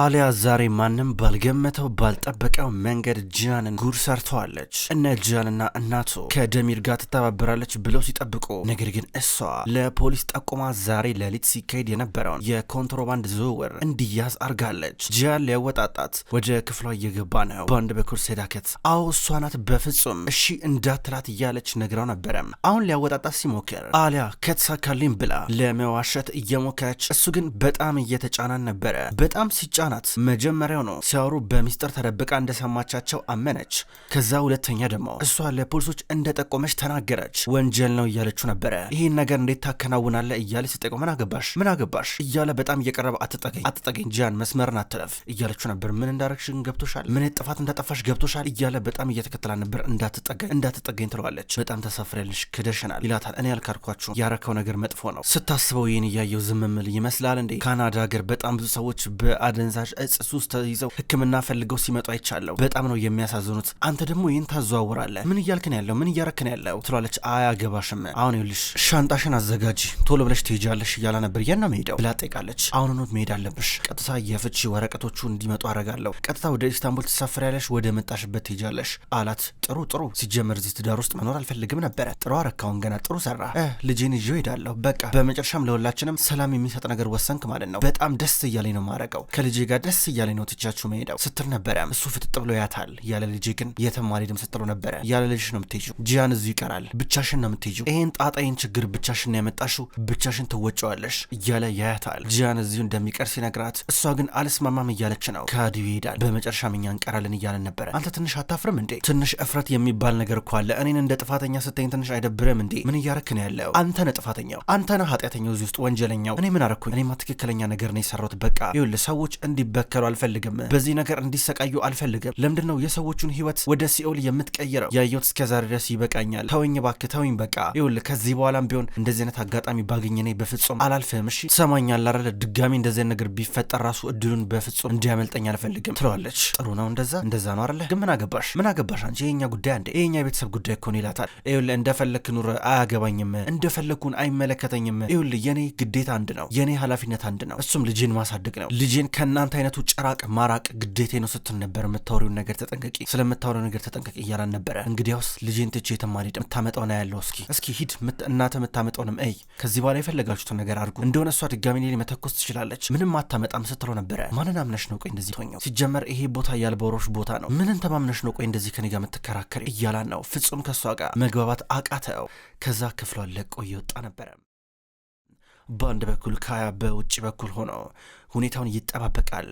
አሊያ ዛሬ ማንም ባልገመተው ባልጠበቀው መንገድ ጂያንን ጉድ ሰርተዋለች። እነ ጂያንና እናቱ ከደሚር ጋር ትተባበራለች ብለው ሲጠብቁ፣ ነገር ግን እሷ ለፖሊስ ጠቁማ ዛሬ ሌሊት ሲካሄድ የነበረውን የኮንትሮባንድ ዝውውር እንዲያዝ አርጋለች። ጂያን ሊያወጣጣት ወደ ክፍሏ እየገባ ነው። በአንድ በኩል ሴዳከት አዎ እሷ ናት፣ በፍጹም እሺ እንዳትላት እያለች ነግራው ነበረም። አሁን ሊያወጣጣት ሲሞክር አሊያ ከተሳካልኝ ብላ ለመዋሸት እየሞከረች እሱ ግን በጣም እየተጫናን ነበረ በጣም ሲ ጫናት። መጀመሪያው ነው ሲያወሩ በሚስጥር ተደብቃ እንደሰማቻቸው አመነች። ከዛ ሁለተኛ ደግሞ እሷ ለፖሊሶች እንደጠቆመች ተናገረች። ወንጀል ነው እያለችው ነበረ። ይህን ነገር እንዴት ታከናውናለ እያለች ስጠቀው ምን አገባሽ ምን አገባሽ እያለ በጣም እየቀረበ አትጠገኝ አትጠገኝ ጂያን መስመርን አትለፍ እያለችው ነበር። ምን እንዳረግሽን ገብቶሻል፣ ምን ጥፋት እንዳጠፋሽ ገብቶሻል እያለ በጣም እየተከተላ ነበር። እንዳትጠገኝ እንዳትጠገኝ ትለዋለች። በጣም ተሳፍሬልሽ ክደሽናል ይላታል። እኔ ያልካድኳችሁ ያረከው ነገር መጥፎ ነው። ስታስበው ይህን እያየው ዝምምል ይመስላል እንዴ ካናዳ ሀገር በጣም ብዙ ሰዎች በአደን አደንዛዥ እጽ ሱስ ተይዘው ህክምና ፈልገው ሲመጡ አይቻለሁ። በጣም ነው የሚያሳዝኑት። አንተ ደግሞ ይህን ታዘዋውራለህ። ምን እያልክን ያለው ምን እያረክን ያለው ትሏለች። አያገባሽም። አሁን ይኸውልሽ ሻንጣሽን አዘጋጂ፣ ቶሎ ብለሽ ትሄጃለሽ እያላ ነበር። የት ነው መሄደው ብላ ትጠይቃለች። አሁኑኑ መሄድ አለብሽ። ቀጥታ የፍቺ ወረቀቶቹ እንዲመጡ አረጋለሁ። ቀጥታ ወደ ኢስታንቡል ትሳፈር ያለሽ ወደ መጣሽበት ትሄጃለሽ አላት። ጥሩ ጥሩ። ሲጀመር እዚህ ትዳር ውስጥ መኖር አልፈልግም ነበረ። ጥሩ አረካውን ገና ጥሩ ሰራ። ልጄን ይዤ ሄዳለሁ። በቃ በመጨረሻም ለሁላችንም ሰላም የሚሰጥ ነገር ወሰንክ ማለት ነው። በጣም ደስ እያለኝ ነው ማረቀው ከልጄ ልጄ ጋር ደስ እያለ ነው ትቻችሁ መሄዳው ስትል ነበረ። እሱ ፍጥጥ ብሎ ያታል። ያለ ልጄ ግን የትም አልሄድም ስትለው ነበረ። ያለ ልጅሽ ነው የምትሄጂው፣ ጂያን እዚሁ ይቀራል፣ ብቻሽን ነው የምትሄጂው፣ ይህን ጣጣይን ችግር ብቻሽን ነው ያመጣሽው፣ ብቻሽን ትወጫዋለሽ እያለ ያያታል። ጂያን እዚሁ እንደሚቀር ሲነግራት እሷ ግን አልስማማም እያለች ነው። ከዲሁ ይሄዳል። በመጨረሻም እኛ እንቀራለን እያለን ነበረ። አንተ ትንሽ አታፍርም እንዴ? ትንሽ እፍረት የሚባል ነገር እኮ አለ። እኔን እንደ ጥፋተኛ ስታይን ትንሽ አይደብርም እንዴ? ምን እያረክ ነው ያለው? አንተ ነህ ጥፋተኛው፣ አንተ ነህ ኃጢአተኛው፣ እዚህ ውስጥ ወንጀለኛው። እኔ ምን አረኩኝ? እኔማ ትክክለኛ ነገር ነው የሰራሁት። በቃ ይኸውልህ ሰዎች እንዲበከሉ አልፈልግም። በዚህ ነገር እንዲሰቃዩ አልፈልግም። ለምንድን ነው የሰዎቹን ህይወት ወደ ሲኦል የምትቀይረው? ያየሁት እስከዛሬ ድረስ ይበቃኛል። ተወኝ እባክህ ተወኝ፣ በቃ ይኸውልህ፣ ከዚህ በኋላም ቢሆን እንደዚህ አይነት አጋጣሚ ባገኝ እኔ በፍጹም አላልፍህም። እሺ ትሰማኛለህ አይደል? ድጋሚ እንደዚህ ነገር ቢፈጠር ራሱ እድሉን በፍጹም እንዲያመልጠኝ አልፈልግም ትለዋለች። ጥሩ ነው እንደዛ እንደዛ ነው አይደል? ግን ምን አገባሽ ምን አገባሽ አንቺ፣ የኛ ጉዳይ አንዴ የኛ የቤተሰብ ጉዳይ እኮ ነው ይላታል። ይኸውልህ፣ እንደፈለክ ኑር፣ አያገባኝም። እንደፈለግኩን አይመለከተኝም። ይኸውልህ፣ የኔ ግዴታ አንድ ነው፣ የኔ ኃላፊነት አንድ ነው፣ እሱም ልጄን ማሳደግ ነው። ልጄን ከና ከእናንተ አይነቱ ጭራቅ ማራቅ ግዴቴ ነው ስትል ነበር። የምታወሪውን ነገር ተጠንቀቂ፣ ስለምታወሪው ነገር ተጠንቀቂ እያላን ነበረ። እንግዲያውስ ልጄን ትቼ የትም አልሄድም፣ የምታመጣውን ያለው እስኪ እስኪ ሂድ እናተ የምታመጣውንም እይ፣ ከዚህ በኋላ የፈለጋችሁትን ነገር አድርጉ፣ እንደሆነ እሷ ድጋሚ ሌ መተኮስ ትችላለች፣ ምንም አታመጣም ስትለው ነበረ። ማንን አምነሽ ነው ቆይ እንደዚህ ሆኘው? ሲጀመር ይሄ ቦታ ያልበሮች ቦታ ነው። ምንን ተማምነሽ ነው ቆይ እንደዚህ ከኔ ጋር የምትከራከር? እያላን ነው። ፍጹም ከእሷ ጋር መግባባት አቃተው። ከዛ ክፍሏን ለቆ እየወጣ ነበረ። በአንድ በኩል ካያ በውጭ በኩል ሆኖ ሁኔታውን ይጠባበቃል።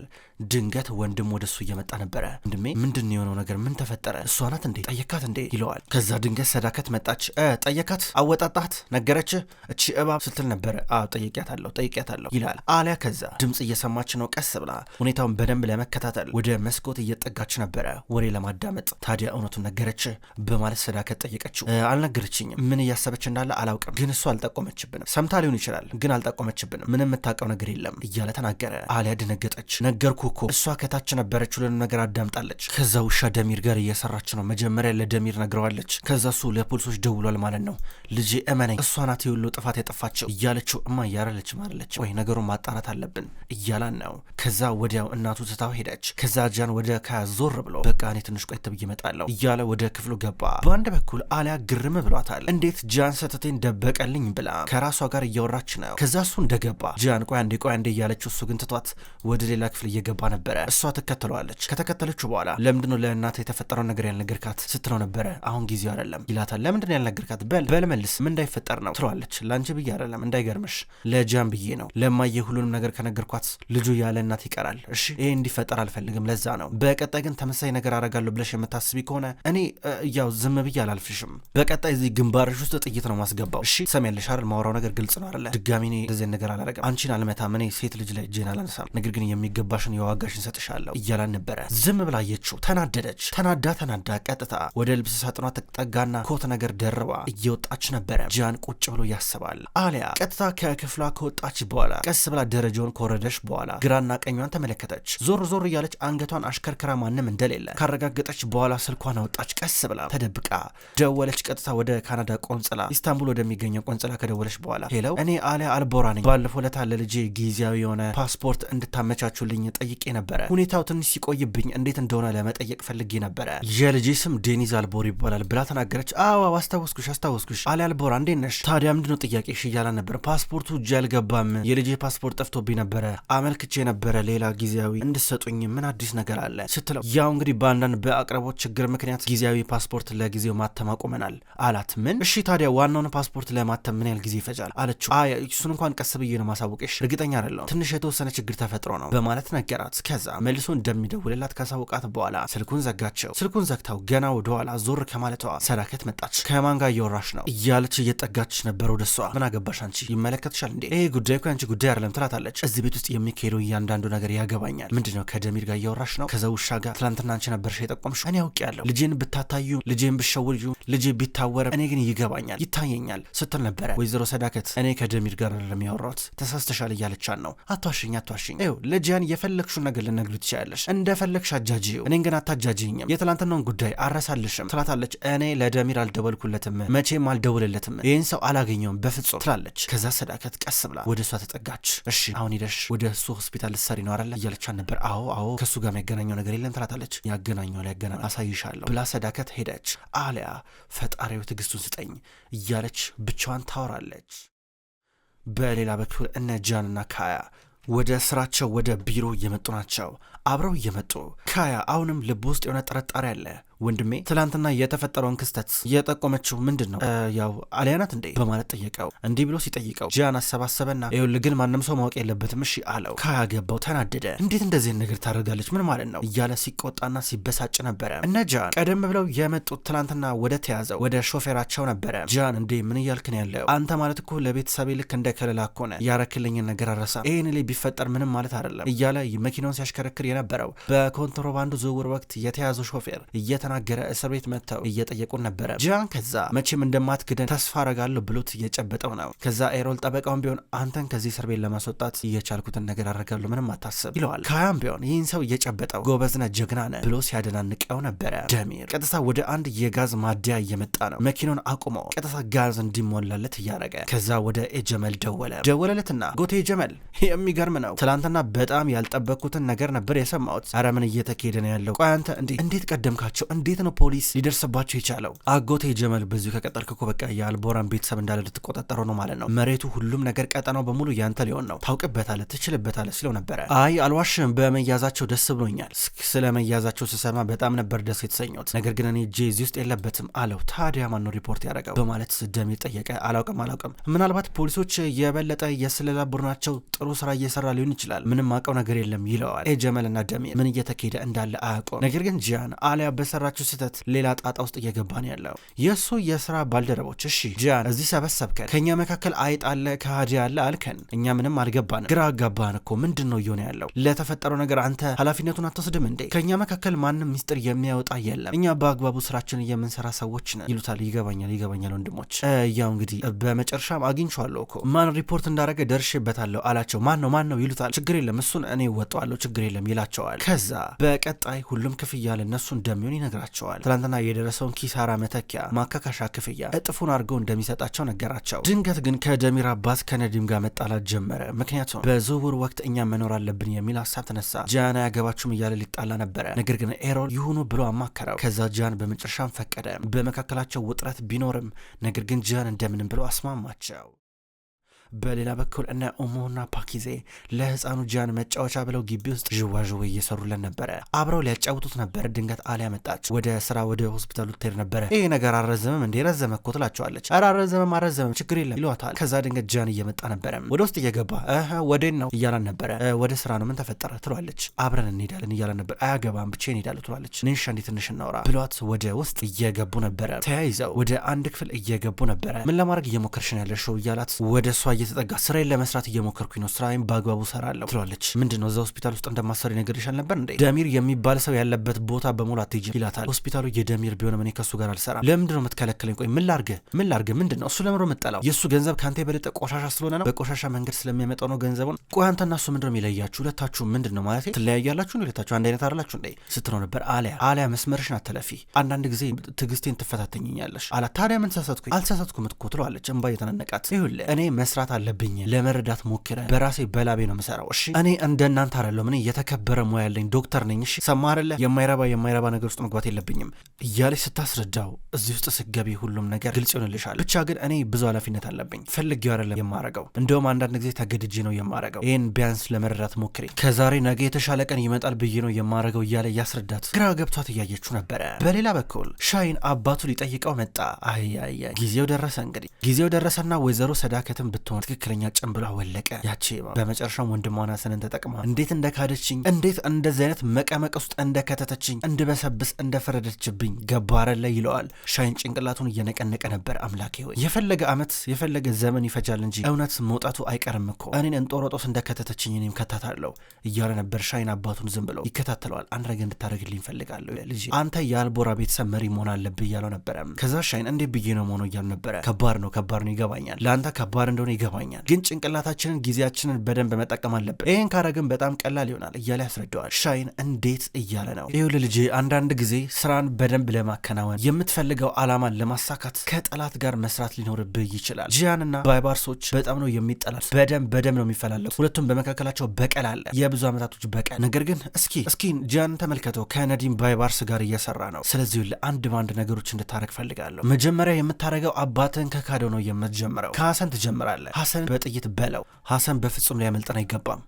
ድንገት ወንድም ወደ እሱ እየመጣ ነበረ። ወንድሜ ምንድን የሆነው ነገር ምን ተፈጠረ? እሷ ናት እንዴ ጠየካት እንዴ ይለዋል። ከዛ ድንገት ሰዳከት መጣች። ጠየካት፣ አወጣጣት፣ ነገረች እቺ እባብ ስትል ነበረ። አዎ ጠይቂያታለሁ፣ ጠይቂያታለሁ ይላል አሊያ። ከዛ ድምፅ እየሰማች ነው። ቀስ ብላ ሁኔታውን በደንብ ለመከታተል ወደ መስኮት እየጠጋች ነበረ ወሬ ለማዳመጥ። ታዲያ እውነቱን ነገረች በማለት ሰዳከት ጠየቀችው። አልነገረችኝም፣ ምን እያሰበች እንዳለ አላውቅም፣ ግን እሱ አልጠቆመችብንም። ሰምታ ሊሆን ይችላል፣ ግን አልጠቆመችብንም። ምንም የምታውቀው ነገር የለም እያለ ተናገረ። አሊያ ደነገጠች። ነገርኩ እኮ እሷ ከታች ነበረች፣ ሁሉንም ነገር አዳምጣለች። ከዛ ውሻ ደሚር ጋር እየሰራች ነው። መጀመሪያ ለደሚር ነግረዋለች። ከዛ እሱ ለፖሊሶች ደውሏል ማለት ነው። ልጄ እመነኝ፣ እሷ ናት የሁሉ ጥፋት የጠፋቸው እያለችው እማ እያረለች ማለች ወይ ነገሩን ማጣራት አለብን እያላን ነው። ከዛ ወዲያው እናቱ ትታው ሄደች። ከዛ ጃን ወደ ካያ ዞር ብሎ በቃ እኔ ትንሽ ቆይ ተብዬ እመጣለሁ እያለ ወደ ክፍሉ ገባ። በአንድ በኩል አሊያ ግርም ብሏታል። እንዴት ጃን ሰተቴን ደበቀልኝ ብላ ከራሷ ጋር እያወራች ነው። ከዛ እሱ እንደገባ ጃን ቆይ አንዴ ቆይ አንዴ እያለችው እሱ ግን ትቷት ወደ ሌላ ክፍል እየገባ እየገባ ነበረ። እሷ ትከተለዋለች። ከተከተለችው በኋላ ለምንድን ነው ለእናት የተፈጠረው ነገር ያልነገርካት ስትለው ነበረ። አሁን ጊዜው አይደለም ይላታል። ለምንድን ነው ያልነገርካት? በል በል መልስ፣ ምን እንዳይፈጠር ነው ትለዋለች። ለአንቺ ብዬ አይደለም እንዳይገርምሽ፣ ለጃን ብዬ ነው። ለማየ ሁሉንም ነገር ከነገርኳት ልጁ ያለ እናት ይቀራል። እሺ ይሄ እንዲፈጠር አልፈልግም። ለዛ ነው። በቀጣይ ግን ተመሳሳይ ነገር አረጋለሁ ብለሽ የምታስቢ ከሆነ እኔ ያው ዝም ብዬ አላልፍሽም። በቀጣይ እዚህ ግንባርሽ ውስጥ ጥይት ነው ማስገባው። እሺ ትሰሚያለሽ አይደል? ማውራው ነገር ግልጽ ነው አይደለ? ድጋሚ እኔ እንደዚህ ነገር አላረገም። አንቺን አልመታም። እኔ ሴት ልጅ ላይ እጄን አላነሳም። ነገር ግን የሚገባሽን ዋጋሽ ሰጥሻለሁ እያላን ነበረ። ዝም ብላ አየችው። ተናደደች። ተናዳ ተናዳ ቀጥታ ወደ ልብስ ሳጥኗ ተጠጋና ኮት ነገር ደርባ እየወጣች ነበረ። ጂያን ቁጭ ብሎ ያስባል። አሊያ ቀጥታ ከክፍሏ ከወጣች በኋላ ቀስ ብላ ደረጃውን ከወረደች በኋላ ግራና ቀኟን ተመለከተች። ዞር ዞር እያለች አንገቷን አሽከርክራ ማንም እንደሌለ ካረጋገጠች በኋላ ስልኳን አወጣች። ቀስ ብላ ተደብቃ ደወለች። ቀጥታ ወደ ካናዳ ቆንጽላ ኢስታንቡል ወደሚገኘው ቆንጽላ ከደወለች በኋላ ሄለው፣ እኔ አሊያ አልቦራ ነኝ ባለፈው ለታ ጊዜያዊ የሆነ ፓስፖርት እንድታመቻችሁልኝ ጠይቅ ጠይቄ ነበረ። ሁኔታው ትንሽ ሲቆይብኝ እንዴት እንደሆነ ለመጠየቅ ፈልጌ ነበረ። የልጄ ስም ዴኒዝ አልቦር ይባላል ብላ ተናገረች። አዋ አስታወስኩሽ፣ አስታወስኩሽ አሊ አልቦር እንዴት ነሽ? ታዲያ ምንድነው ጥያቄሽ? እያላ ነበር። ፓስፖርቱ እጅ አልገባም። የልጄ ፓስፖርት ጠፍቶብኝ ነበረ። አመልክቼ ነበረ ሌላ ጊዜያዊ እንድሰጡኝ። ምን አዲስ ነገር አለ ስትለው፣ ያው እንግዲህ በአንዳንድ በአቅርቦት ችግር ምክንያት ጊዜያዊ ፓስፖርት ለጊዜው ማተም አቁመናል አላት። ምን? እሺ ታዲያ ዋናውን ፓስፖርት ለማተም ምን ያህል ጊዜ ይፈጃል? አለችው። አይ እሱን እንኳን ቀስ ብዬ ነው ማሳወቅሽ፣ እርግጠኛ አይደለሁም። ትንሽ የተወሰነ ችግር ተፈጥሮ ነው በማለት ነገራል። ነገራት። ከዛ መልሶ እንደሚደውልላት ካሳውቃት በኋላ ስልኩን ዘጋቸው። ስልኩን ዘግታው ገና ወደኋላ ዞር ከማለቷ ሰዳከት መጣች። ከማን ጋር እያወራሽ ነው እያለች እየጠጋች ነበር ወደሷ። ምን አገባሽ አንቺ ይመለከትሻል እንዴ? ይህ ጉዳይ እኮ አንቺ ጉዳይ አይደለም ትላታለች። እዚህ ቤት ውስጥ የሚካሄደው እያንዳንዱ ነገር ያገባኛል። ምንድነው ከደሚር ጋር እያወራሽ ነው? ከዛ ውሻ ጋር ትላንትና አንቺ ነበርሽ የጠቆምሽው። እኔ አውቄያለሁ። ልጄን ብታታዩ፣ ልጄን ብሸውልዩ፣ ልጄ ቢታወረ፣ እኔ ግን ይገባኛል፣ ይታየኛል ስትል ነበረ ወይዘሮ ሰዳከት። እኔ ከደሚር ጋር ለሚያወራት ተሳስተሻል እያለቻን ነው። አቷሽኝ አቷሽኝ ው ልጅያን የፈለግሽ የፈለግሽውን ነገር ልነግሪው ትችላለሽ። እንደፈለግሽ አጃጅው፣ እኔን ግን አታጃጅኝም። የትላንትናውን ጉዳይ አረሳልሽም ትላታለች። እኔ ለደሚር አልደወልኩለትም፣ መቼም አልደውልለትም፣ ይህን ሰው አላገኘውም በፍጹም ትላለች። ከዛ ሰዳከት ቀስ ብላ ወደ እሷ ተጠጋች። እሺ አሁን ሄደሽ ወደ እሱ ሆስፒታል ልትሰሪ ነው አይደለ እያለቻት ነበር። አዎ አዎ፣ ከእሱ ጋር የሚያገናኘው ነገር የለም ትላታለች። ያገናኘዋል፣ ያገናኘዋል፣ አሳይሻለሁ ብላ ሰዳከት ሄደች። አሊያ ፈጣሪው ትዕግስቱን ስጠኝ እያለች ብቻዋን ታወራለች። በሌላ በኩል እነ ጃንና ካያ ወደ ስራቸው ወደ ቢሮ እየመጡ ናቸው። አብረው እየመጡ ካያ አሁንም ልብ ውስጥ የሆነ ጥርጣሬ አለ። ወንድሜ ትላንትና የተፈጠረውን ክስተት የጠቆመችው ምንድን ነው ያው አሊያናት እንዴ በማለት ጠየቀው። እንዲህ ብሎ ሲጠይቀው ጂያን አሰባሰበና ይኸውልህ ግን ማንም ሰው ማወቅ የለበትም እሺ አለው። ካያገባው ተናደደ። እንዴት እንደዚህ ነገር ታደርጋለች ምን ማለት ነው እያለ ሲቆጣና ሲበሳጭ ነበረ። እነ ጂያን ቀደም ብለው የመጡት ትላንትና ወደ ተያዘው ወደ ሾፌራቸው ነበረ። ጂያን እንዴ ምን እያልክን ያለው? አንተ ማለት እኮ ለቤተሰቤ ልክ እንደ ከለላ እኮ ነህ። ያረክልኝን ነገር አረሳ ይህን ላይ ቢፈጠር ምንም ማለት አይደለም እያለ መኪናውን ሲያሽከረክር የነበረው በኮንትሮባንዱ ዝውውር ወቅት የተያዘው ሾፌር እየተ እየተናገረ እስር ቤት መጥተው እየጠየቁን ነበረ። ጂያን ከዛ መቼም እንደማትክደን ተስፋ አረጋለሁ ብሎት እየጨበጠው ነው። ከዛ ኤሮል ጠበቃውን ቢሆን አንተን ከዚህ እስር ቤት ለማስወጣት እየቻልኩትን ነገር አደርጋለሁ፣ ምንም አታስብ ይለዋል። ካያም ቢሆን ይህን ሰው እየጨበጠው ጎበዝነ፣ ጀግና ነ ብሎ ሲያደናንቀው ነበረ። ደሚር ቀጥታ ወደ አንድ የጋዝ ማደያ እየመጣ ነው። መኪናውን አቁሞ ቀጥታ ጋዝ እንዲሞላለት እያረገ ከዛ ወደ ኤጀመል ደወለ። ደወለለትና ጎቴ ጀመል፣ የሚገርም ነው ትላንትና በጣም ያልጠበቅኩትን ነገር ነበር የሰማሁት። አረምን እየተካሄደ ነው ያለው? ቆይ አንተ እንዴት ቀደምካቸው እንዴት ነው ፖሊስ ሊደርስባቸው የቻለው? አጎቴ ጀመል በዚሁ ከቀጠልክ እኮ በቃ የአልቦራን ቤተሰብ እንዳለ ልትቆጣጠረው ነው ማለት ነው። መሬቱ፣ ሁሉም ነገር፣ ቀጠናው በሙሉ ያንተ ሊሆን ነው። ታውቅበታለ ትችልበታለ ሲለው ነበረ። አይ አልዋሽም፣ በመያዛቸው ደስ ብሎኛል። ስለ መያዛቸው ስሰማ በጣም ነበር ደስ የተሰኘሁት። ነገር ግን እኔ እጄ እዚህ ውስጥ የለበትም አለው። ታዲያ ማነው ሪፖርት ያደረገው? በማለት ደሚር ጠየቀ። አላውቅም አላውቅም፣ ምናልባት ፖሊሶች የበለጠ የስለላ ቡድናቸው ጥሩ ስራ እየሰራ ሊሆን ይችላል። ምንም አውቀው ነገር የለም ይለዋል። ጀመልና ደሚር ምን እየተካሄደ እንዳለ አያውቁም። ነገር ግን ጂያን አሊያ በሰራ በሰራችው ስህተት ሌላ ጣጣ ውስጥ እየገባ ነው ያለው። የእሱ የስራ ባልደረቦች እሺ ጂያን እዚህ ሰበሰብከን፣ ከእኛ መካከል አይጥ አለ ከሃዲ አለ አልከን፣ እኛ ምንም አልገባንም፣ ግራ አጋባን እኮ ምንድን ነው እየሆነ ያለው? ለተፈጠረው ነገር አንተ ኃላፊነቱን አትወስድም እንዴ? ከእኛ መካከል ማንም ሚስጥር የሚያወጣ የለም፣ እኛ በአግባቡ ስራችን የምንሰራ ሰዎች ነን ይሉታል። ይገባኛል ይገባኛል ወንድሞች። ያው እንግዲህ በመጨረሻም አግኝቼዋለሁ እኮ ማን ሪፖርት እንዳደረገ ደርሼበታለሁ አላቸው። ማን ነው ማን ነው ይሉታል። ችግር የለም እሱን እኔ ወጠዋለሁ፣ ችግር የለም ይላቸዋል። ከዛ በቀጣይ ሁሉም ክፍያ ለእነሱ እንደሚሆን ይነግራል። ነግራቸዋል። ትላንትና የደረሰውን ኪሳራ መተኪያ ማካካሻ ክፍያ እጥፉን አድርገው እንደሚሰጣቸው ነገራቸው። ድንገት ግን ከደሚር አባስ ከነዲም ጋር መጣላት ጀመረ። ምክንያቱም በዝውውር ወቅት እኛ መኖር አለብን የሚል ሀሳብ ተነሳ። ጃን አያገባችሁም እያለ ሊጣላ ነበረ። ነገር ግን ኤሮል ይሁኑ ብሎ አማከረው። ከዛ ጃን በመጨረሻም ፈቀደ። በመካከላቸው ውጥረት ቢኖርም ነገር ግን ጃን እንደምንም ብሎ አስማማቸው። በሌላ በኩል እነ ኦሞና ፓኪዜ ለህፃኑ ጃን መጫወቻ ብለው ግቢ ውስጥ ዥዋዥዌ እየሰሩለን ነበረ። አብረው ሊያጫውቱት ነበር። ድንገት አሊያ መጣች። ወደ ስራ ወደ ሆስፒታሉ ትሄድ ነበረ። ይሄ ነገር አረዘመም እንዴ? ረዘመ እኮ ትላቸዋለች። ኧረ አረዘመም አልረዘመም ችግር የለም ይሏታል። ከዛ ድንገት ጃን እየመጣ ነበረ። ወደ ውስጥ እየገባ ወዴን ነው እያላን ነበረ። ወደ ስራ ነው ምን ተፈጠረ ትሏለች። አብረን እንሄዳለን እያላን ነበር። አያገባም ብቻ እንሄዳለሁ ትሏለች። ንንሻ እንዴ ትንሽ እናውራ ብሏት ወደ ውስጥ እየገቡ ነበረ። ተያይዘው ወደ አንድ ክፍል እየገቡ ነበረ። ምን ለማድረግ እየሞከርሽን ያለሽው እያላት ወደ እሷ እየተጠጋ ስራዬን ለመስራት እየሞከርኩኝ ነው፣ ስራዬን በአግባቡ ሰራለሁ ትሏለች። ምንድን ነው እዛ ሆስፒታል ውስጥ እንደማሰር ነገር ይሻል ነበር እንዴ? ደሚር የሚባል ሰው ያለበት ቦታ በሙሉ አትጅ ይላታል። ሆስፒታሉ የደሚር ቢሆንም እኔ ከሱ ጋር አልሰራም። ለምንድን ነው የምትከለክለኝ? ቆይ ምን ላርገ ምን ላርገ? ምንድን ነው እሱ ለምሮ የምጠላው? የእሱ ገንዘብ ከአንተ የበለጠ ቆሻሻ ስለሆነ ነው፣ በቆሻሻ መንገድ ስለሚያመጣው ነው ገንዘቡን። ቆይ አንተና እሱ ምንድን ነው የሚለያችሁ? ሁለታችሁ ምንድን ነው ማለት ትለያያላችሁ? ሁለታችሁ አንድ አይነት አይደላችሁ እንዴ ስትነው ነበር። አሊያ አሊያ መስመርሽን አትለፊ። አንዳንድ ጊዜ ትዕግስቴን ትፈታተኝኛለሽ አላት። ታዲያ ምን ሳሳትኩኝ? አልሳሳትኩም እኮ ትለዋለች፣ እንባ እየተናነቃት ይሁለ እኔ መስራት መስራት አለብኝ ለመረዳት ሞክረ። በራሴ በላቤ ነው ምሰራው። እሺ እኔ እንደናንተ አይደለሁም። እኔ የተከበረ ሙያ ያለኝ ዶክተር ነኝ። እሺ ሰማ አይደለ? የማይረባ የማይረባ ነገር ውስጥ መግባት የለብኝም እያለች ስታስረዳው እዚህ ውስጥ ስገቢ ሁሉም ነገር ግልጽ ይሆንልሻል። ብቻ ግን እኔ ብዙ ኃላፊነት አለብኝ። ፈልጌው አይደለም የማረገው፣ እንደውም አንዳንድ ጊዜ ተገድጄ ነው የማረገው። ይህን ቢያንስ ለመረዳት ሞክሬ ከዛሬ ነገ የተሻለ ቀን ይመጣል ብዬ ነው የማረገው እያለ እያስረዳት ግራ ገብቷት እያየችው ነበረ። በሌላ በኩል ሻይን አባቱ ሊጠይቀው መጣ። አያያ ጊዜው ደረሰ እንግዲህ ጊዜው ደረሰና ወይዘሮ ሰዳከትን ብትሆን ጭንብሏ ትክክለኛ ጭንብሏ ወለቀ። ያቺ በመጨረሻም ወንድሟን ሀሰንን ተጠቅማ እንዴት እንደካደችኝ፣ እንዴት እንደዚህ አይነት መቀመቅ ውስጥ እንደከተተችኝ፣ እንድበሰብስ እንደፈረደችብኝ ገባረለ ይለዋል። ሻይን ጭንቅላቱን እየነቀነቀ ነበር። አምላኬ ሆይ የፈለገ ዓመት የፈለገ ዘመን ይፈጃል እንጂ እውነት መውጣቱ አይቀርም እኮ እኔን እንጦሮጦስ እንደከተተችኝ እኔም ከታታለሁ እያለ ነበር። ሻይን አባቱን ዝም ብለው ይከታተለዋል። አንድ ነገር እንድታደርግልኝ እፈልጋለሁ ልጄ፣ አንተ የአልቦራ ቤተሰብ መሪ መሆን አለብህ እያለው ነበረ። ከዛ ሻይን እንዴት ብዬ ነው መሆነው እያሉ ነበረ። ከባድ ነው ከባድ ነው ይገባኛል፣ ለአንተ ከባድ እንደሆነ ይገባኛል፣ ግን ጭንቅላታችንን ጊዜያችንን በደንብ መጠቀም አለብን። ይህን ካረግን በጣም ቀላል ይሆናል እያለ ያስረዳዋል። ሻይን እንዴት እያለ ነው ይሁል ልጅ አንዳንድ ጊዜ ስራን በደንብ ለማከናወን የምትፈልገው አላማን ለማሳካት ከጠላት ጋር መስራት ሊኖርብህ ይችላል። ጂያንና ባይባርሶች በጣም ነው የሚጠላል። በደንብ በደንብ ነው የሚፈላለፉ ሁለቱም በመካከላቸው በቀል አለ፣ የብዙ ዓመታቶች በቀል። ነገር ግን እስኪ እስኪ ጂያን ተመልከተው ከነዲም ባይባርስ ጋር እየሰራ ነው። ስለዚህ አንድ በአንድ ነገሮች እንድታረግ ፈልጋለሁ። መጀመሪያ የምታረገው አባትህን ከካደው ነው የምትጀምረው። ከሀሰን ትጀምራለህ። ሐሰን በጥይት በለው ሐሰን በፍጹም ሊያመልጠን አይገባም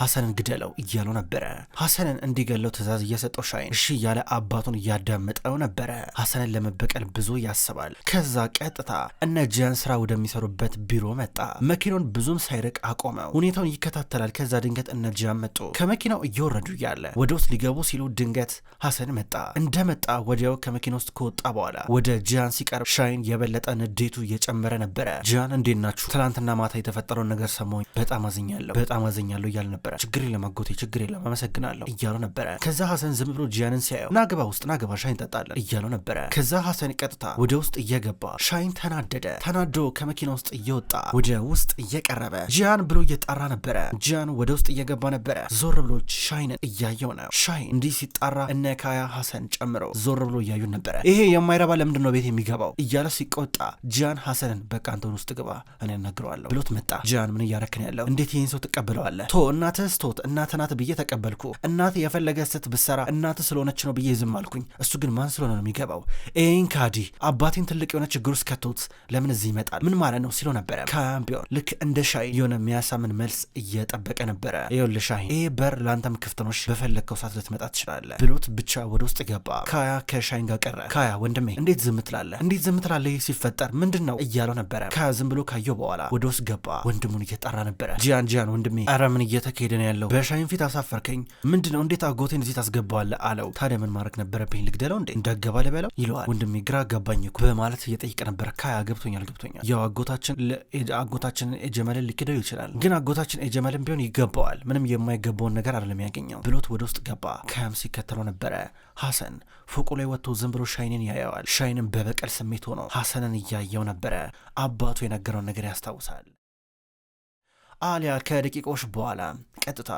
ሐሰንን ግደለው እያለው ነበረ። ሐሰንን እንዲገለው ትእዛዝ እየሰጠው ሻይን እሺ እያለ አባቱን እያዳመጠው ነበረ። ሐሰንን ለመበቀል ብዙ ያስባል። ከዛ ቀጥታ እነ ጂያን ስራ ወደሚሰሩበት ቢሮ መጣ። መኪናውን ብዙም ሳይርቅ አቆመው። ሁኔታውን ይከታተላል። ከዛ ድንገት እነ ጂያን መጡ። ከመኪናው እየወረዱ እያለ ወደ ውስጥ ሊገቡ ሲሉ ድንገት ሐሰን መጣ። እንደመጣ ወዲያው ከመኪና ውስጥ ከወጣ በኋላ ወደ ጂያን ሲቀርብ ሻይን የበለጠ ንዴቱ እየጨመረ ነበረ። ጂያን እንዴት ናችሁ? ማታ የተፈጠረውን ነገር ሰሞኝ በጣም አዝኛለሁ፣ በጣም አዝኛለሁ እያለ ነበር ነበረ። ችግር የለም አጎቴ፣ ችግር የለም አመሰግናለሁ እያለው ነበረ። ከዛ ሀሰን ዝም ብሎ ጂያንን ሲያየው ና ውስጥ ና ሻይን ሻይ እያለው ነበረ። ከዛ ሀሰን ቀጥታ ወደ ውስጥ እየገባ ሻይን ተናደደ። ተናዶ ከመኪና ውስጥ እየወጣ ወደ ውስጥ እየቀረበ ጂያን ብሎ እየጣራ ነበረ። ጂያን ወደ ውስጥ እየገባ ነበረ። ዞር ብሎ ሻይንን እያየው ነው። ሻይን እንዲህ ሲጣራ እነ ካያ ሀሰን ጨምሮ ዞር ብሎ እያዩን ነበረ። ይሄ የማይረባ ለምንድን ነው ቤት የሚገባው እያለ ሲቆጣ ጂያን ሀሰንን በቃ አንተን ውስጥ ግባ እኔ እነግረዋለሁ ብሎት መጣ። ጂያን ምን እያረክን ያለው እንዴት ይህን ሰው ትቀበለዋለህ? ቶ እና እናትህ ስቶት እናትህ ናት ብዬ ተቀበልኩ። እናት የፈለገ ስት ብሰራ እናት ስለሆነች ነው ብዬ ዝም አልኩኝ። እሱ ግን ማን ስለሆነ ነው የሚገባው? ኤን ካዲ አባቴን ትልቅ የሆነ ችግር ውስጥ ከቶት ለምን እዚህ ይመጣል? ምን ማለት ነው ሲለው ነበረ። ካምፒዮን ልክ እንደ ሻይ የሆነ የሚያሳምን መልስ እየጠበቀ ነበረ። ይኸውልህ ሻይ፣ ይህ በር ለአንተም ክፍት ነው፣ በፈለግከው ሰዓት ልትመጣ ትችላለህ ብሎት ብቻ ወደ ውስጥ ገባ። ካያ ከሻይን ጋር ቀረ። ካያ ወንድሜ እንዴት ዝም ትላለህ? እንዴት ዝም ትላለህ? ይህ ሲፈጠር ምንድን ነው እያለው ነበረ። ካያ ዝም ብሎ ካየው በኋላ ወደ ውስጥ ገባ። ወንድሙን እየጠራ ነበረ። ጂያን ጂያን፣ ወንድሜ ኧረ ምን እየተክ እየተካሄደ ነው ያለው። በሻይን ፊት አሳፈርከኝ። ምንድነው? እንዴት አጎቴን እዚህ ታስገባዋለህ? አለው። ታዲያ ምን ማድረግ ነበረብኝ? ልግደለው እንዴ? እንዳገባ ልበለው ይለዋል። ወንድሜ ግራ ገባኝ እኮ በማለት እየጠየቀ ነበረ። ካያ ገብቶኛል፣ ገብቶኛል። ያው አጎታችን አጎታችንን ኤጀመልን ሊክደው ይችላል፣ ግን አጎታችን ኤጀመልን ቢሆን ይገባዋል። ምንም የማይገባውን ነገር አይደለም ያገኘው ብሎት ወደ ውስጥ ገባ። ካያም ሲከተለው ነበረ። ሐሰን ፎቁ ላይ ወጥቶ ዝም ብሎ ሻይንን ያየዋል። ሻይንን በበቀል ስሜት ሆኖ ሐሰንን እያየው ነበረ። አባቱ የነገረውን ነገር ያስታውሳል። አሊያ ከደቂቃዎች በኋላ ቀጥታ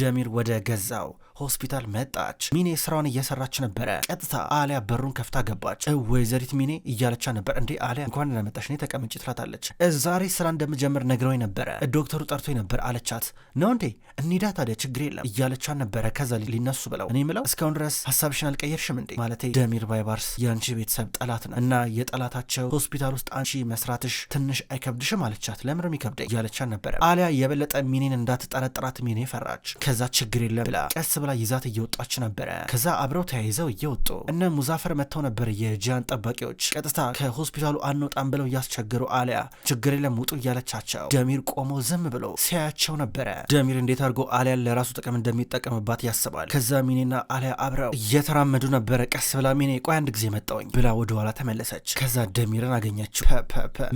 ደሚር ወደ ገዛው ሆስፒታል መጣች። ሚኔ ስራውን እየሰራች ነበረ። ቀጥታ አሊያ በሩን ከፍታ ገባች። ወይዘሪት ሚኔ እያለቻ ነበር። እንዴ አሊያ እንኳን ለመጣሽ እኔ ተቀምጭ ትላታለች። ዛሬ ስራ እንደምጀምር ነግረው ነበረ፣ ዶክተሩ ጠርቶ ነበር አለቻት። ነው እንዴ እኒዳ ታዲያ ችግር የለም እያለቻ ነበረ። ከዛ ሊነሱ ብለው እኔ ምለው እስካሁን ድረስ ሀሳብሽን አልቀየርሽም እንዴ? ማለቴ ደሚር ባይባርስ የአንቺ ቤተሰብ ጠላት ነው እና የጠላታቸው ሆስፒታል ውስጥ አንቺ መስራትሽ ትንሽ አይከብድሽም አለቻት። ለምርም ይከብደ እያለቻ ነበረ። አሊያ የበለጠ ሚኔን እንዳትጠረጥራት ሚኔ ፈራች። ከዛ ችግር የለም ብላ ቀስ ብላ ብላ ይዛት እየወጣች ነበረ። ከዛ አብረው ተያይዘው እየወጡ እነ ሙዛፈር መጥተው ነበር የጂያን ጠባቂዎች። ቀጥታ ከሆስፒታሉ አንወጣም ብለው እያስቸገሩ አሊያ ችግር የለም ውጡ እያለቻቸው ደሚር ቆሞ ዝም ብሎ ሲያያቸው ነበረ። ደሚር እንዴት አድርጎ አሊያን ለራሱ ጥቅም እንደሚጠቀምባት ያስባል። ከዛ ሚኔና አሊያ አብረው እየተራመዱ ነበረ። ቀስ ብላ ሚኔ ቆይ አንድ ጊዜ መጣውኝ ብላ ወደኋላ ተመለሰች። ከዛ ደሚርን አገኘችው።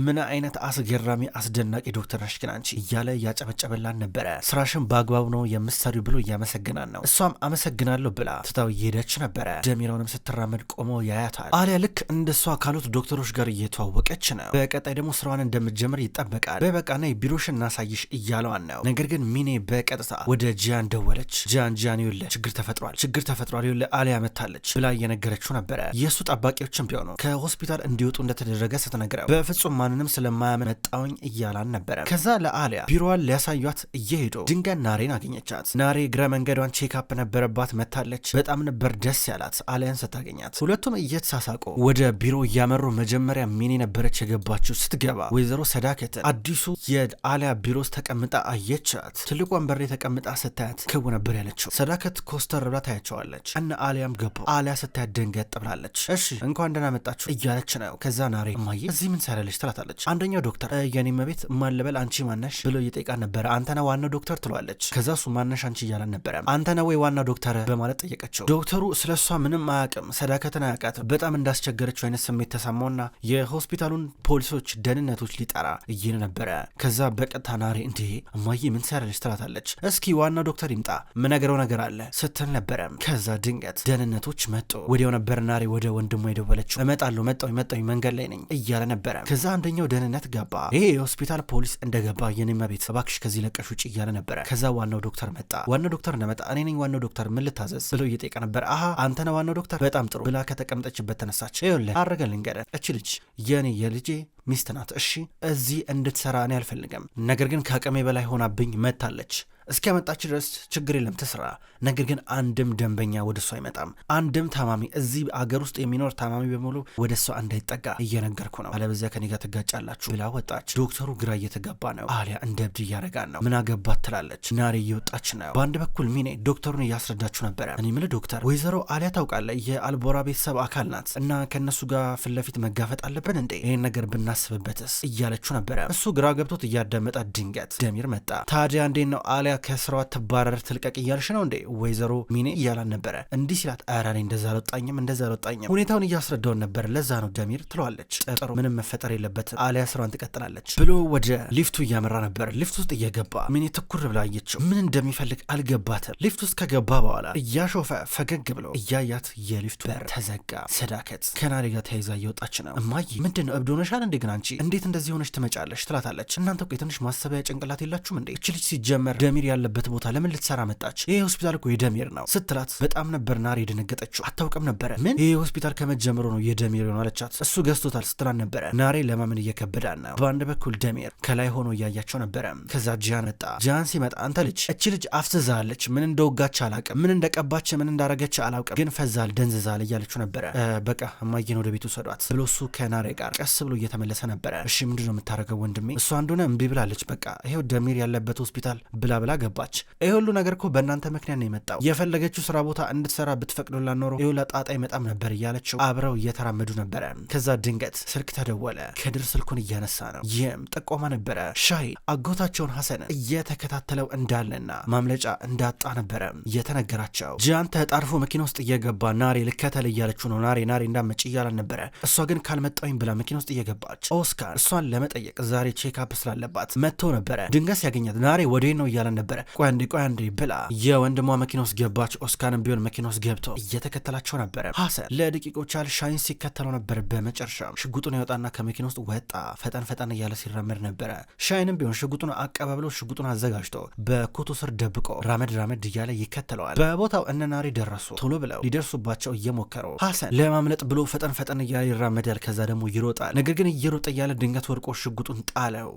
ምን አይነት አስገራሚ አስደናቂ ዶክተር ነሽ ግን አንቺ እያለ እያጨበጨበላን ነበረ። ስራሽን በአግባቡ ነው የምትሰሪው ብሎ እያመሰግናን ነው እሷ እሷም አመሰግናለሁ ብላ ትታው እየሄደች ነበረ። ጀሚላውንም ስትራመድ ቆሞ ያያታል። አሊያ ልክ እንደሷ ካሉት ዶክተሮች ጋር እየተዋወቀች ነው። በቀጣይ ደግሞ ስራዋን እንደምትጀምር ይጠበቃል። በበቃና ቢሮሽን እናሳይሽ እያለዋን ነው። ነገር ግን ሚኔ በቀጥታ ወደ ጂያን ደወለች። ጂያን ጂያን ይኸውልህ ችግር ተፈጥሯል፣ ችግር ተፈጥሯል፣ ይኸውልህ አሊያ መታለች ብላ እየነገረችው ነበረ። የእሱ ጠባቂዎችም ቢሆኑ ከሆስፒታል እንዲወጡ እንደተደረገ ስትነግረው በፍጹም ማንንም ስለማያምን መጣውኝ እያላን ነበረ። ከዛ ለአሊያ ቢሮዋን ሊያሳዩት እየሄዱ ድንገት ናሬን አገኘቻት። ናሬ ግረ መንገዷን ቼክ ሜካፕ ነበረባት መታለች። በጣም ነበር ደስ ያላት አሊያን ስታገኛት። ሁለቱም እየተሳሳቁ ወደ ቢሮ እያመሩ መጀመሪያ ሚኒ ነበረች የገባችው። ስትገባ ወይዘሮ ሰዳከትን አዲሱ የአሊያ ቢሮ ውስጥ ተቀምጣ አየቻት። ትልቁ ወንበር ላይ ተቀምጣ ስታያት ክው ነበር ያለችው። ሰዳከት ኮስተር ብላ ታያቸዋለች። እነ አሊያም ገቡ። አሊያ ስታያት ደንገጥ ብላለች። እሺ እንኳን ደህና መጣችሁ እያለች ነው። ከዛ ናሬ እማዬ እዚህ ምን ሰራለች ትላታለች። አንደኛው ዶክተር የኔ መቤት ማለበል አንቺ ማነሽ ብሎ እየጠቃ ነበረ። አንተና ዋናው ዶክተር ትሏለች። ከዛ እሱ ማነሽ አንቺ እያለን ነበረ። አንተና ወይ ወይ ዋና ዶክተር በማለት ጠየቀችው። ዶክተሩ ስለ እሷ ምንም አያውቅም፣ ሰዳከትን አያውቃትም። በጣም እንዳስቸገረችው አይነት ስሜት ተሰማውና የሆስፒታሉን ፖሊሶች ደህንነቶች ሊጠራ እየነ ነበረ። ከዛ በቀጥታ ናሬ እንዴ እማዬ ምን ትሰራለች? ትላታለች። እስኪ ዋና ዶክተር ይምጣ ምነገረው ነገር አለ ስትል ነበረ። ከዛ ድንገት ደህንነቶች መጡ። ወዲያው ነበር ናሬ ወደ ወንድሟ የደወለችው። እመጣለሁ፣ መጣሁኝ፣ መጣሁኝ መንገድ ላይ ነኝ እያለ ነበረ። ከዛ አንደኛው ደህንነት ገባ። ይሄ የሆስፒታል ፖሊስ እንደገባ የኔማ ቤተሰብ እባክሽ ከዚህ ለቀሽ ውጭ እያለ ነበረ። ከዛ ዋናው ዶክተር መጣ። ዋናው ዶክተር እንደመጣ እኔ ነኝ ዋናው ዶክተር ምን ልታዘዝ ብሎ እየጠየቀ ነበር። አሀ አንተነ ዋናው ዶክተር በጣም ጥሩ ብላ ከተቀምጠችበት ተነሳች። ይኸውልህ አረገ ልንገረን፣ እች ልጅ የኔ የልጄ ሚስት ናት። እሺ እዚህ እንድትሰራ እኔ አልፈልግም፣ ነገር ግን ከአቅሜ በላይ ሆናብኝ መታለች እስኪያመጣች ድረስ ችግር የለም ትስራ። ነገር ግን አንድም ደንበኛ ወደ እሷ አይመጣም። አንድም ታማሚ እዚህ አገር ውስጥ የሚኖር ታማሚ በሙሉ ወደ እሷ እንዳይጠጋ እየነገርኩ ነው፣ አለበዚያ ከኔ ጋር ትጋጫላችሁ ብላ ወጣች። ዶክተሩ ግራ እየተጋባ ነው። አሊያ እንደ እብድ እያረጋን ነው። ምን አገባት ትላለች። ናሬ እየወጣች ነው። በአንድ በኩል ሚኔ ዶክተሩን እያስረዳችሁ ነበረ። እኔ ምል ዶክተር፣ ወይዘሮ አሊያ ታውቃለ የአልቦራ ቤተሰብ አካል ናት እና ከእነሱ ጋር ፊት ለፊት መጋፈጥ አለብን እንዴ? ይህን ነገር ብናስብበትስ እያለችው ነበረ። እሱ ግራ ገብቶት እያዳመጣት ድንገት ደሚር መጣ። ታዲያ እንዴት ነው አሊያ ከስራዋ ትባረር ትልቀቅ እያልሽ ነው እንዴ ወይዘሮ ሚኔ እያላን ነበረ። እንዲህ ሲላት ኧረ እንደዛ አልወጣኝም እንደዛ አልወጣኝም ሁኔታውን እያስረዳውን ነበር። ለዛ ነው ደሚር ትለዋለች። ጥሩ ምንም መፈጠር የለበት አሊያ ስራዋን ትቀጥላለች ብሎ ወደ ሊፍቱ እያመራ ነበር። ሊፍት ውስጥ እየገባ ሚኔ ትኩር ብላ አየችው። ምን እንደሚፈልግ አልገባትም። ሊፍት ውስጥ ከገባ በኋላ እያሾፈ ፈገግ ብሎ እያያት የሊፍቱ በር ተዘጋ። ሰዳከት ከናሬ ጋር ተያይዛ እየወጣች ነው። እማዬ ምንድን ነው እብድ ሆነሻል እንዴ ግን አንቺ እንዴት እንደዚህ ሆነች ትመጫለች? ትላታለች። እናንተ እኮ የትንሽ ማሰቢያ ጭንቅላት የላችሁም እንዴ? እች ልጅ ሲጀመር ደሚር ናሬድ ያለበት ቦታ ለምን ልትሰራ መጣች? ይሄ ሆስፒታል እኮ የደሜር ነው ስትላት በጣም ነበር ናር የደነገጠችው። አታውቅም ነበረ ምን ይሄ ሆስፒታል ከመጀመሩ ነው የደሜር ነው አለቻት። እሱ ገዝቶታል ስትላት ነበረ። ናሬ ለማመን እየከበዳ ነው። በአንድ በኩል ደሜር ከላይ ሆኖ እያያቸው ነበረ። ከዛ ጂያን መጣ። ጂያን ሲመጣ አንተ ልጅ እቺ ልጅ አፍዝዛለች። ምን እንደወጋች አላውቅም፣ ምን እንደቀባች፣ ምን እንዳረገች አላውቅም፣ ግን ፈዛል፣ ደንዝዛል እያለችው ነበረ። በቃ እማዬን ወደ ቤቱ ሰዷት ብሎ እሱ ከናሬ ጋር ቀስ ብሎ እየተመለሰ ነበረ። እሺ ምንድነው የምታደርገው ወንድሜ? እሷ እንደሆነ እምቢ ብላለች። በቃ ይሄው ደሜር ያለበት ሆስፒታል ብላ ብላ ገባች። ይህ ሁሉ ነገር እኮ በእናንተ ምክንያት ነው የመጣው። የፈለገችው ስራ ቦታ እንድትሰራ ብትፈቅዶላ ኖሮ ይሁ ለጣጣ ይመጣም ነበር እያለችው አብረው እየተራመዱ ነበረ። ከዛ ድንገት ስልክ ተደወለ። ከድር ስልኩን እያነሳ ነው። ይህም ጥቆማ ነበረ። ሻይ አጎታቸውን ሐሰን እየተከታተለው እንዳለና ማምለጫ እንዳጣ ነበረ እየተነገራቸው። ጂያን ተጣርፎ መኪና ውስጥ እየገባ ናሬ ልከተል እያለችው ነው። ናሬ ናሬ እንዳመጭ እያላን ነበረ። እሷ ግን ካልመጣሁኝ ብላ መኪና ውስጥ እየገባች ኦስካር እሷን ለመጠየቅ ዛሬ ቼክ አፕ ስላለባት መጥቶ ነበረ። ድንገት ያገኛት ናሬ ወደ ነው እያላን ነበረ። ቆይ አንዴ ቆይ አንዴ ብላ የወንድሟ መኪና ውስጥ ገባች። ኦስካንም ቢሆን መኪና ውስጥ ገብቶ እየተከተላቸው ነበረ። ሀሰን ለደቂቆች ያህል ሻይን ሲከተለው ነበር። በመጨረሻ ሽጉጡን ያወጣና ከመኪና ውስጥ ወጣ። ፈጠን ፈጠን እያለ ሲራመድ ነበረ። ሻይንም ቢሆን ሽጉጡን አቀባብሎ ሽጉጡን አዘጋጅቶ በኩቱ ስር ደብቆ ራመድ ራመድ እያለ ይከተለዋል። በቦታው እነናሪ ደረሱ። ቶሎ ብለው ሊደርሱባቸው እየሞከሩ ሀሰን ለማምለጥ ብሎ ፈጠን ፈጠን እያለ ይራመዳል። ከዛ ደግሞ ይሮጣል። ነገር ግን እየሮጠ እያለ ድንገት ወድቆ ሽጉጡን ጣለው።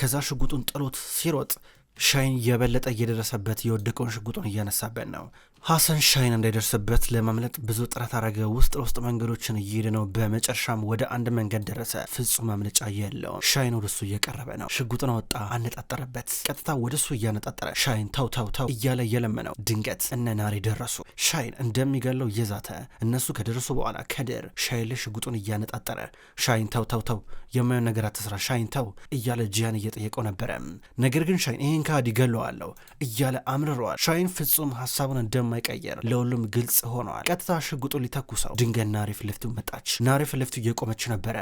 ከዛ ሽጉጡን ጥሎት ሲሮጥ ሻይን የበለጠ እየደረሰበት የወደቀውን ሽጉጡን እያነሳበት ነው። ሐሰን ሻይን እንዳይደርስበት ለማምለጥ ብዙ ጥረት አረገ። ውስጥ ለውስጥ መንገዶችን እየሄደ ነው። በመጨረሻም ወደ አንድ መንገድ ደረሰ። ፍጹም መምለጫ የለውም። ሻይን ወደ እሱ እየቀረበ ነው። ሽጉጥን አወጣ፣ አነጣጠረበት። ቀጥታ ወደ እሱ እያነጣጠረ ሻይን ተው ተው ተው እያለ እየለመነው፣ ድንገት እነ ናሪ ደረሱ። ሻይን እንደሚገለው እየዛተ እነሱ ከደረሱ በኋላ ከድር ሻይን ላይ ሽጉጡን እያነጣጠረ ሻይን ተው ተው ተው የማየውን ነገር አትስራ ሻይን ተው እያለ ጂያን እየጠየቀው ነበረ። ነገር ግን ሻይን ይህን ካድ ይገለዋለሁ እያለ አምርረዋል። ሻይን ፍጹም ሀሳቡን እንደማ መቀየር ለሁሉም ግልጽ ሆነዋል። ቀጥታ ሽጉጡ ሊተኩሰው ድንገት ናሬ ፊት መጣች። ናሬ ፊት ለፊቱ እየቆመች ነበረ።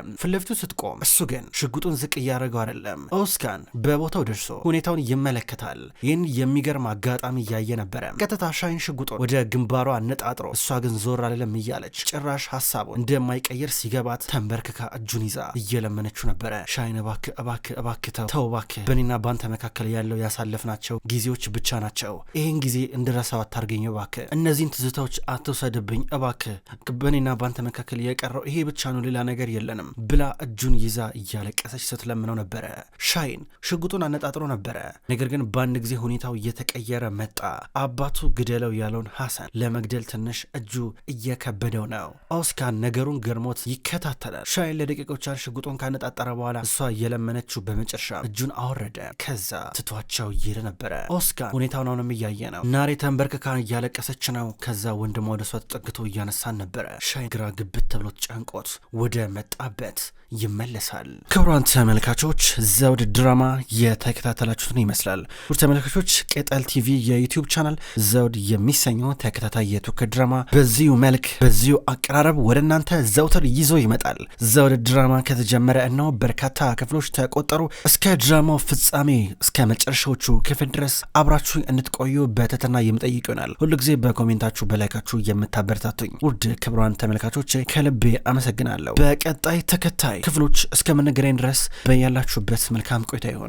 ፊት ስትቆም እሱ ግን ሽጉጡን ዝቅ እያደረገው አይደለም። ኦስካን በቦታው ደርሶ ሁኔታውን ይመለከታል። ይህን የሚገርም አጋጣሚ እያየ ነበረ። ቀጥታ ሻይን ሽጉጡን ወደ ግንባሯ አነጣጥሮ እሷ ግን ዞር አልለም እያለች ጭራሽ ሀሳቡን እንደማይቀየር ሲገባት ተንበርክካ እጁን ይዛ እየለመነችው ነበረ። ሻይን እባክ እባክ እባክ ተው ተው እባክ በእኔና ባንተ መካከል ያለው ያሳለፍናቸው ጊዜዎች ብቻ ናቸው። ይህን ጊዜ እንድረሳው አታርገኘው እባክህ እነዚህን ትዝታዎች አትውሰድብኝ እባክህ፣ በእኔና ባንተ መካከል የቀረው ይሄ ብቻ ነው፣ ሌላ ነገር የለንም ብላ እጁን ይዛ እያለቀሰች ስትለምነው ነበረ። ሻይን ሽጉጡን አነጣጥሮ ነበረ። ነገር ግን በአንድ ጊዜ ሁኔታው እየተቀየረ መጣ። አባቱ ግደለው ያለውን ሐሰን ለመግደል ትንሽ እጁ እየከበደው ነው። ኦስካን ነገሩን ገርሞት ይከታተላል። ሻይን ለደቂቆች ሽጉጡን ካነጣጠረ በኋላ እሷ እየለመነችው በመጨረሻ እጁን አወረደ። ከዛ ትቷቸው ይሄድ ነበረ። ኦስካን ሁኔታውን አሁንም እያየ ነው። ናሬ ተንበርክካን እያ እያለቀሰች ነው። ከዛ ወንድሟ ወደ እሷ ተጠግቶ እያነሳን ነበረ። ሻይ ግራ ግብት ተብሎ ተጨንቆት ወደ መጣበት ይመለሳል። ክቡራን ተመልካቾች ዘውድ ድራማ የተከታተላችሁትን ይመስላል። ውድ ተመልካቾች ቅጠል ቲቪ የዩቲዩብ ቻናል ዘውድ የሚሰኘው ተከታታይ የቱርክ ድራማ በዚሁ መልክ በዚሁ አቀራረብ ወደ እናንተ ዘውትር ይዞ ይመጣል። ዘውድ ድራማ ከተጀመረ እነው በርካታ ክፍሎች ተቆጠሩ። እስከ ድራማው ፍጻሜ እስከ መጨረሻዎቹ ክፍል ድረስ አብራችሁ እንድትቆዩ በትህትና የምጠይቅ ይሆናል። ሁልጊዜ በኮሜንታችሁ በላይካችሁ የምታበረታቱኝ ውድ ክብሯን ተመልካቾች ከልቤ አመሰግናለሁ። በቀጣይ ተከታይ ክፍሎች እስከምንገናኝ ድረስ በያላችሁበት መልካም ቆይታ ይሆን።